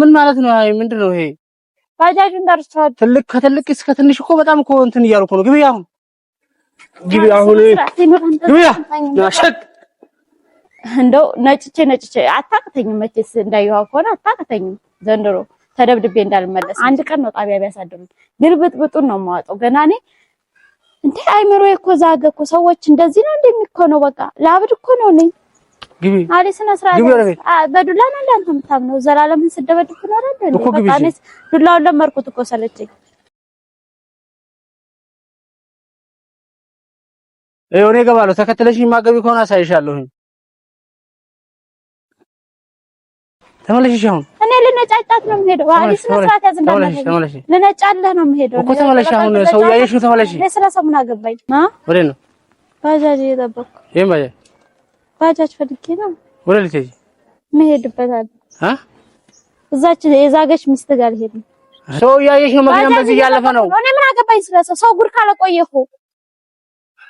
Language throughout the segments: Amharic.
ምን ማለት ነው? አይ ምንድን ነው ይሄ? ባጃጅ እንዳርሷል። ትልቅ ከትልቅ እስከ ትንሽ እኮ በጣም እኮ እንትን እያሉ ነው። ግቢ አሁን ግቢ አሁን ግቢ ናሽክ እንደው ነጭቼ ነጭቼ አታቅተኝም። መቼስ እንዳየኋት ከሆነ አታቅተኝም። ዘንድሮ ተደብድቤ እንዳልመለስ አንድ ቀን ነው ጣቢያ ቢያሳድሩኝ፣ ግን ብጥብጡን ነው የማወጣው። ገና እኔ እንዴ አይምሮዬ እኮ ዛገ እኮ ሰዎች እንደዚህ ነው እንደሚኮነው በቃ ላብድ እኮ ነው ነኝ ግቢ አሪ ስነ ስርዓት በዱላ ነው እንዳንተ የምታምነው? ዘላለምን ስደበድብ ትኖራለህ እንዴ? ዱላውን ለመርኩት እኮ ሰለቸኝ። ይኸው እኔ እገባለሁ። ተከትለሽኝ ማገቢ ከሆነ አሳይሻለሁኝ። ተመለሽሽ አሁን እኔ ልነጫጫት ነው የምሄደው። አሪ ስነ ስርዓት ያዝ ልነጫለህ ነው የምሄደው እኮ። አሁን ሰው እያየሽ ተመለሽ ተመለስሽ። ሰው ምን አገባኝ? ወዴት ነው ባጃጅ ይሄን ባጃጅ ባጃጅ ፈልጌ ነው ወደ ልትሄጂ? መሄድበታል እ እዛች የዛገች ሚስት ጋር ልሄድ ነው። ሰው እያየሽ ነው። መኪናም በዚህ እያለፈ ነው። እኔ ምን አገባኝ ስለ ሰው። ሰው ጉድ ካለቆየ እኮ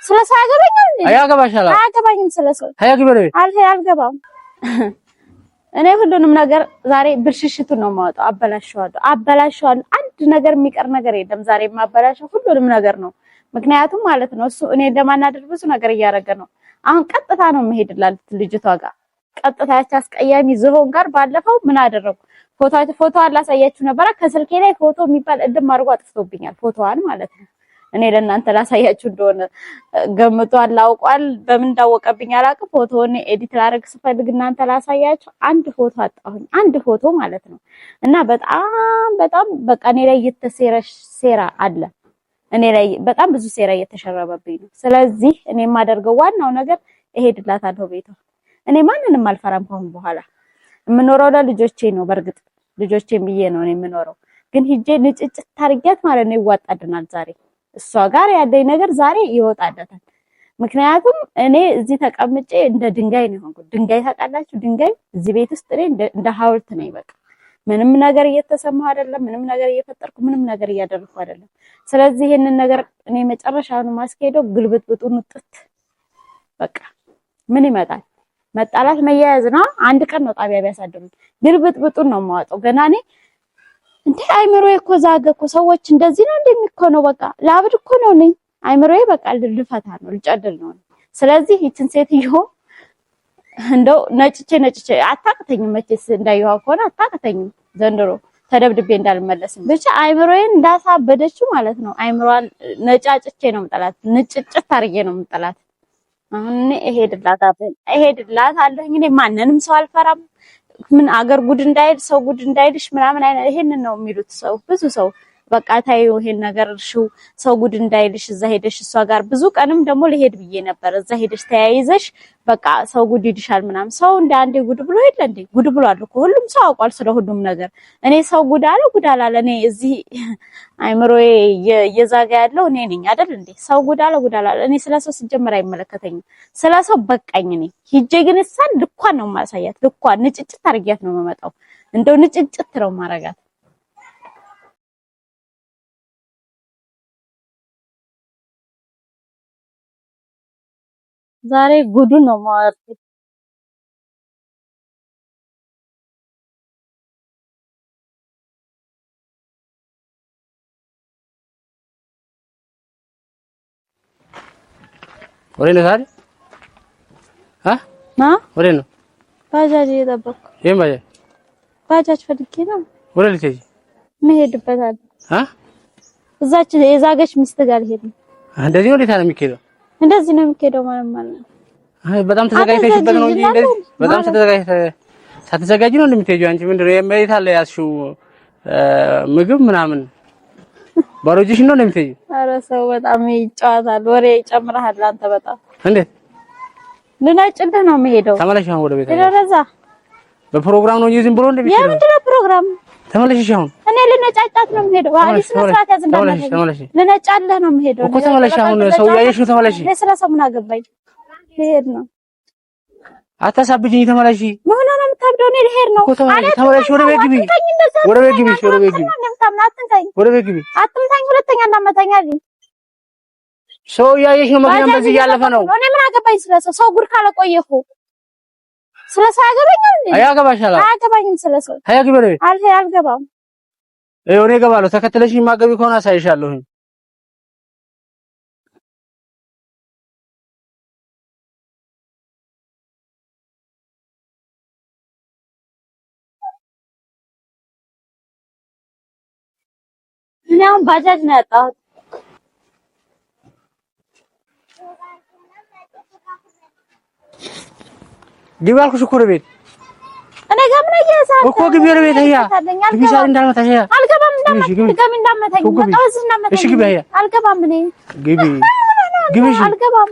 ስለ ሰው አያገባኝም እንዴ? አያገባሻል። አያገባኝም ስለ ሰው አያገባ ነው። አልገባም። እኔ ሁሉንም ነገር ዛሬ ብልሽሽቱን ነው የማወጣው። አበላሸዋለሁ፣ አበላሸዋለሁ። አንድ ነገር የሚቀር ነገር የለም። ዛሬ የማበላሸው ሁሉንም ነገር ነው። ምክንያቱም ማለት ነው እሱ እኔ ለማናደድ ብዙ ነገር እያደረገ ነው አሁን ቀጥታ ነው መሄድላት ልጅቷ ጋር ቀጥታ ያች አስቀያሚ ዝሆን ጋር ባለፈው ምን አደረጉ? ፎቶ ፎቶዋን ላሳያችሁ ነበረ። ከስልኬ ላይ ፎቶ የሚባል እድም አድርጎ አጥፍቶብኛል። ፎቶዋን ማለት ነው። እኔ ለእናንተ ላሳያችሁ እንደሆነ ገምቷል፣ ላውቋል። በምን እንዳወቀብኝ አላውቅም። ፎቶውን ኤዲት ላደርግ ስፈልግ እናንተ ላሳያችሁ አንድ ፎቶ አጣሁኝ። አንድ ፎቶ ማለት ነው። እና በጣም በጣም በቃ እኔ ላይ የተሴረ ሴራ አለ እኔ ላይ በጣም ብዙ ሴራ እየተሸረበብኝ ነው። ስለዚህ እኔ የማደርገው ዋናው ነገር እሄድላታለሁ ቤቷ። እኔ ማንንም አልፈራም። ከአሁን በኋላ የምኖረው ለልጆቼ ነው። በእርግጥ ልጆቼን ብዬ ነው እኔ የምኖረው፣ ግን ሂጄ ንጭጭት ታርጌት ማለት ነው ይዋጣልናል። ዛሬ እሷ ጋር ያለኝ ነገር ዛሬ ይወጣለታል። ምክንያቱም እኔ እዚህ ተቀምጬ እንደ ድንጋይ ነው የሆንኩት። ድንጋይ ታውቃላችሁ፣ ድንጋይ እዚህ ቤት ውስጥ እኔ እንደ ሀውልት ነኝ በቃ ምንም ነገር እየተሰማ አይደለም። ምንም ነገር እየፈጠርኩ፣ ምንም ነገር እያደረኩ አይደለም። ስለዚህ ይህንን ነገር እኔ መጨረሻውን ማስኬደው ግልብጥብጡን ውጥት በቃ ምን ይመጣል? መጣላት መያያዝ ነው። አንድ ቀን ነው ጣቢያ ቢያሳድሩት፣ ግልብጥብጡን ነው የማወጣው። ገና እኔ እንዴ አይምሮዬ እኮ ዛገ እኮ ሰዎች እንደዚህ ነው እንደሚኮነው በቃ ላብድ እኮ ነው ነኝ አይምሮዬ በቃ ልፈታ ነው ልጨድል ነው። ስለዚህ ይችን ሴትዮ እንደው ነጭቼ ነጭቼ አታቅተኝም። መቼስ እንዳየኋ ከሆነ አታቅተኝም። ዘንድሮ ተደብድቤ እንዳልመለስም ብቻ አይምሮዬን እንዳሳበደችው ማለት ነው። አይምሮዋን ነጫጭቼ ነው የምጠላት፣ ንጭጭት አርጌ ነው የምጠላት። አሁን እሄድላታለሁ። እንግዲህ ማንንም ሰው አልፈራም። ምን አገር ጉድ እንዳይል ሰው ጉድ እንዳይልሽ ምናምን አይነት ይሄንን ነው የሚሉት ሰው ብዙ ሰው በቃ ታዩ ይሄን ነገር እርሺው ሰው ጉድ እንዳይልሽ እዛ ሄደሽ እሷ ጋር ብዙ ቀንም ደግሞ ልሄድ ብዬ ነበር። እዛ ሄደሽ ተያይዘሽ በቃ ሰው ጉድ ይልሻል ምናምን። ሰው እንደ አንዴ ጉድ ብሎ ሄደ እንዴ? ጉድ ብሏል እኮ ሁሉም ሰው አውቋል ስለ ሁሉም ነገር። እኔ ሰው ጉድ አለ ጉድ አላለ እኔ እዚህ አይምሮዬ እየዛጋ ያለው እኔ ነኝ አይደል እንዴ? ሰው ጉድ አለ ጉድ አላለ እኔ ስለ ሰው ሲጀመር አይመለከተኝም። ስለ ሰው በቃኝ ነኝ። ሂጄ ግን እሷን ልኳን ነው ማሳያት ልኳን ንጭጭት አድርጊያት ነው የምመጣው። እንደው ንጭጭት ነው ማረጋት ዛሬ ጉዱን ነው የማወራው። ወሬ ነው ዛሬ አ ማ ወሬ ነው። ባጃጅ እየጠበቅኩ ይሄን ባጃጅ ባጃጅ ፈልጌ ነው። ወሬ ልትሄጂ መሄድበት አ እዛች የዛገች ሚስት ጋር ልሄድ ነው። እንደዚህ ነው። እንዴት የሚሄደው? እንደዚህ ነው የሚካሄደው ማለት ማለት ነው። በጣም ተዘጋጅተሽበት ነው እንጂ እንደዚህ በጣም ተዘጋጅተሽ ሳትዘጋጂ ነው እንደምትሄጂው። አንቺ ምንድን ነው የመሬት አለ ያዝሽው ምግብ ምናምን ባሮጂሽ ነው እንደምትሄጂው። ኧረ ሰው በጣም ይጫወታል፣ ወሬ ይጨምራል። አንተ በጣም እንዴት ልናጭልህ ነው የሚሄደው። ተመለሽ አሁን ወደ ቤት። ለረዛ በፕሮግራም ነው እንጂ ዝም ብሎ እንደምትሄጂው የምንድን ነው ፕሮግራም ተመለሽ አሁን እኔ ልነጫጫት ነው የምሄደው። አይ ስነ ስርዓት ያዝ እንዳለሽ ልነጫለህ ነው የምሄደው እኮ ተመለሽ። አሁን ሰው ያየሽ ነው ተመለሽ። እኔ ስለ ሰው ምን አገባኝ? ልሄድ ነው። አታሳብጂኝ። ተመለሽ። ምን ነው የምታብደው? እኔ ልሄድ ነው። ተመለሽ። ወደ ቤት ግቢ፣ ወደ ቤት ግቢ፣ ወደ ቤት ግቢ። ወደ ቤት ግቢ፣ አትምታኝ። ሁለተኛ እንዳመታኝ አለኝ። ሰው ያየሽ ነው። መኪናም በዚህ እያለፈ ነው። እኔ ምን አገባኝ ስለ ሰው። ሰው ጉድ ካለቆየ እኮ ስለሱ አያገባኝም እንዴ? አያገባሻል። አያገባኝም ስለሱ አያገባኝ አልሄ አልገባም። ይኸው እኔ እገባለሁ። ተከትለሽ የማገቢ ከሆነ አሳይሻለሁኝ። እኔ አሁን ባጃጅ ነው ያጣሁት። ግቢ አልኩሽ እኮ ቤት እኔ ጋር ምን አያያዛል እኮ ግቢ ወደ ቤት ህያ ግቢ ሳል እንዳልመታሽ ህያ አልገባም እንዳመታኝ ድጋሚ እንዳመታኝ መጣወዝ እንዳመታኝ እሺ ግቢ ህያ አልገባም እኔ ግቢ ግቢ እሺ አልገባም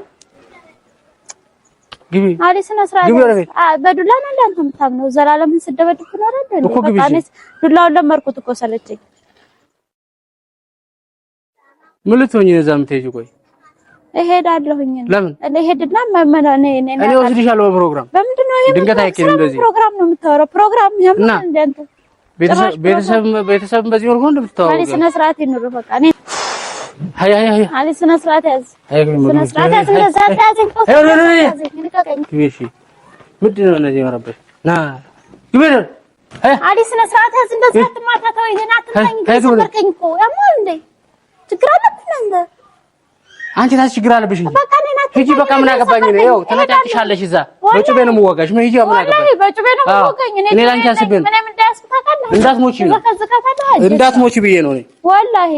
ግቢ አሪ ስነ ስርዓት ግቢ ወደ ቤት በዱላ ነው እንዳንተ የምታምነው ዘላለምን ስደበድብ ነው አይደል እኮ ግቢ እሺ ዱላውን ለመርኩት እኮ ሰለቸኝ ምን ልትሆኝ ነው እዛ የምትሄጂው ቆይ እሄዳለሁኝ ለምን እሄድና እኔ እኔ እኔ እወስድሻለሁ በፕሮግራም ድንገት እንደዚህ ፕሮግራም ነው የምታወራው። ፕሮግራም እና ቤተሰብ ቤተሰብ በዚህ መልኩ ነው የምታወራው። ስነ ስርዓት ይኑር። በቃ እኔ አይ አይ አይ አለ ስነ ስርዓት ያዝ፣ ስነ ስርዓት ያዝ። እንደዛ ታዝን ኮስ ምንድን ነው እነዚህ የማረበሽ? ና ግቢ ነው አለ ስነ ስርዓት ያዝ። እንደዛ አትማታተው። ይሄን አትመኝ፣ ሰበርከኝ እኮ ያማል እንዴ? ችግር አለብን እንደ አንቺ ታስ ችግር አለብሽ እንጂ ሂጂ። በቃ ምን አገባኝ ነው? ይኸው ተነጫጭሻለሽ። እዛ በጩቤ ነው የምወጋሽ። ምን ሂጂ፣ ምን አገባኝ? እኔ ላንቺ አስቤ ነው። እንዳትሞቺ ነው፣ ብዬ ነው። እኔ ወላሂ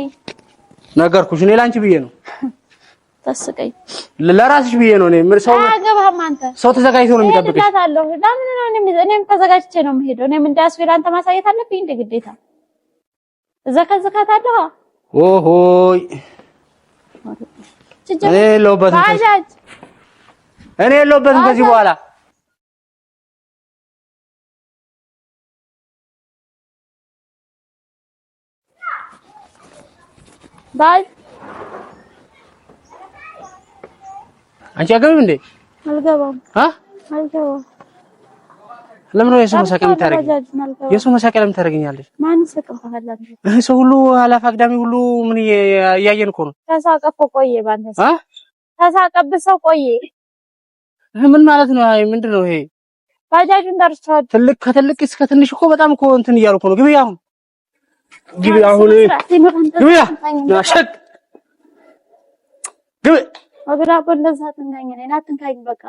ነገርኩሽ። እኔ ላንቺ ብዬ ነው። ታስቀኝ ለራስሽ ብዬ ነው። እኔ ሰው አገባህም አንተ ሰው ተዘጋጅቶ ነው የሚጠብቅሽ። ለምን ነው እኔም ተዘጋጅቼ ነው የምሄደው። እኔም እንዳስቤ ለአንተ ማሳየት አለብኝ እንደ ግዴታ። እዛ ከዝካታለሁ ኦሆይ እኔ የለሁበትም እኔ የለሁበትም ከዚህ በኋላ ባል አንቺ አገቢው እንዴ? አልገባም። አልገባም ለምን ነው የሰው መሳቂያ የምታደርጊ? የሰው መሳቂያ ለምን ታደርጊኛለሽ? ማን ሰቀም ሰው ሁሉ ኃላፊ አግዳሚ ሁሉ ምን እያየን እኮ ነው። ተሳቀ ቆየ ባንተ አ ተሳቀብህ ሰው ቆየ። ምን ማለት ነው? አይ ምንድን ነው ይሄ? ባጃጁን ዳርቻው ትልቅ ከትልቅ እስከ ትንሽ እኮ በጣም እኮ እንትን እያሉ እኮ ነው። ግቢ አሁን ግቢ አሁን ግቢ ያሸክ ግቢ ወግራ በለዛት እንደኛ ነኝ አትንካኝ በቃ